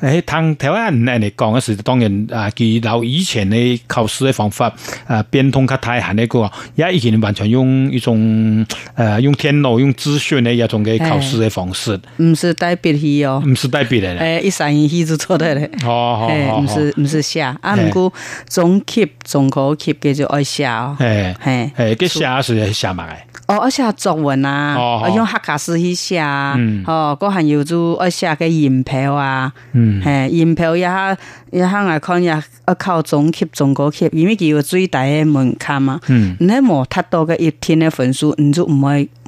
誒，聽、欸、台灣人你講的是當然啊，佢有以前的考試的方法，啊，變通較大行那個，啊，家以完全用一種呃、啊、用電腦用資訊的一種嘅考試的方式。不是代筆嚟哦，不是代筆的誒，一三一四就做得嚟。哦哦哦，唔是唔是寫啊唔過中級、中高級嘅就愛寫哦，誒誒誒，寫下、哦、是，、哦、是，是的嘛埋。哦，而寫作文啊，用黑卡斯去寫，哦，哥還要寫一下個音標啊，嘿、嗯，音標一下，一下我可要考中級、中高級，因為佮有最大嘅門檻嘛，你冇、嗯、太多嘅一天嘅分數，你就唔會。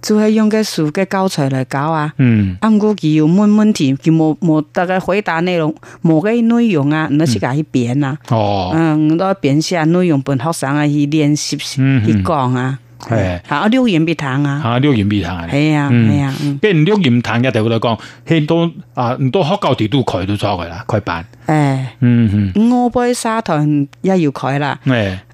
就係用嘅書嘅教材嚟教啊，咁佢佢有問問題，佢冇冇大概回答內容，冇嘅內容啊，你去改去變啊？哦，嗯，我變下內容，本學生啊去練習，去講啊。係，吓六言必談啊，六言必談。係啊係啊，跟六言談嘅就會講，很多啊，好多學校都改都錯噶啦，改版。誒，嗯嗯，烏龜沙糖也要改啦。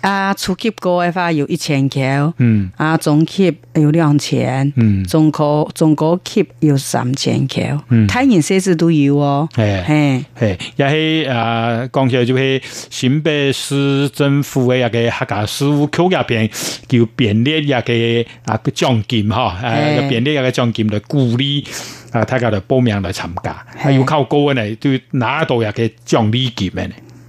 啊，初級高嘅話有一千塊嗯，啊中級有兩千，嗯，中高中高級有三千嗯，睇完設置都有哦。誒，嘿，亦係啊，講起就係新北市政府嘅一個客家書，口入邊，叫編列一個啊獎金嗬，誒，編列一個獎金嚟鼓勵啊大家嚟報名來參加，要靠高嘅呢，都拿到一個獎勵金嘅。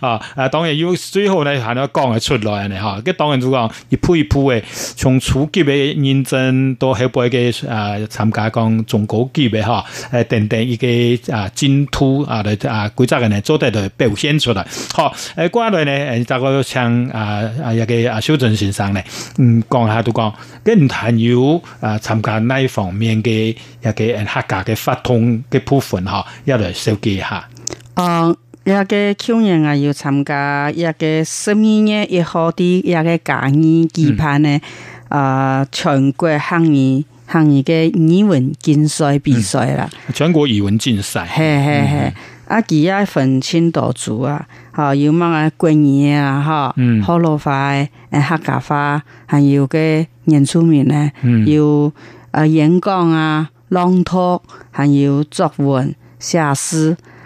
啊！啊、哦，當然有，最後呢，行到講嘅出來咧嚇。咁當然就講，一步一步嘅，從初級嘅認證到後輩嘅啊，參加講中高級嘅嚇誒等等依個啊，進度啊，誒幾隻人咧做嘅都表現出來。好誒，過嚟咧誒，就我像啊啊一個啊小振先生咧，嗯講下就講，佢唔係要誒參加哪一方面嘅一個誒客家嘅發通嘅部分嚇，要嚟收集一下啊。Uh 一個去年啊要參加一個十二月一號啲一個假語期盼呢，啊全國漢語漢語嘅語文競賽比賽啦。全國語、嗯、文競賽，係係係。啊，幾啊分清到做啊，嗬、嗯，要乜啊貴嘢啊，哈嗯，好老花誒客家話，還有個念書面呢，有啊演講啊朗讀，還有作文寫詩。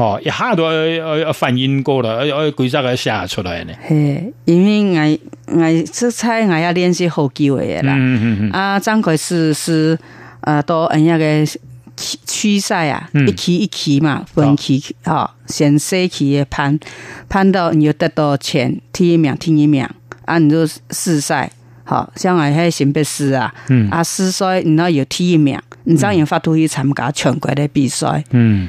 哦，一下都反應過啦，誒誒，規則都寫出來咧。嘿，因為我我出差，我要練習好機會啦、嗯。嗯嗯、啊呃啊、嗯。啊，張開是是，誒，到咁樣嘅區賽啊，一期一期嘛，分期，嗬、哦，哦、先賽期嘅判判到你要得到前第一名，第一名，啊，你就四賽，嗬，像我喺省比賽啊，嗯，啊四賽，你嗱要第一名，你當然發圖去參加全國嘅比賽、嗯，嗯。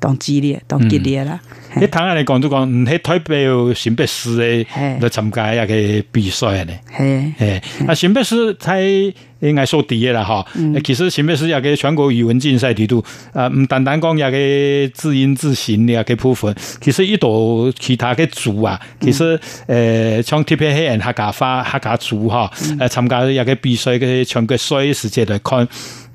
當激烈，當激烈啦！你睇下來講都講，唔是代表新北市誒，嚟是參加一個比賽咧。係，那新北市，喺應該數第一啦，哈、嗯！其實新北市，又個全國語文競賽度，啊，唔單單講一個字音字形嘅一個部分，其實一度其他嘅組啊，其實誒，像特別係人客家話客家組哈，誒、嗯，參加一個比賽個全國衰時間來看。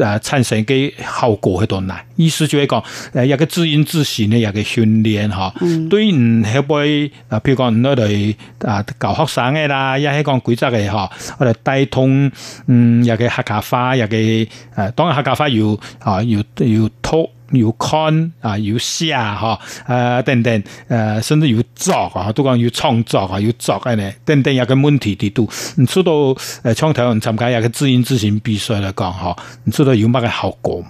誒、呃，產生個效果係多難，意思就係講，誒，一個自言自喜咧，一個訓練吓，對於唔係，譬如講，我哋啊教學生嘅啦，一係講規則嘅嗬，我哋帶通，嗯，有嘅客家話，有嘅誒、呃，當然客家話要啊要要托。有看啊，有寫啊，啊，等等，啊，甚至有作啊，都講有創作啊，有作嘅咧，等等也個問題啲都，你說到誒，唱條參加一個自行自行比賽來講，嗬，你說到有麼個效果冇？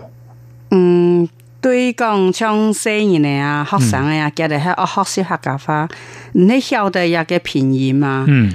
嗯，對，講唱詩嘅啊，學生啊，今日係學識學嘅話，你曉得也個便宜嗎？嗯。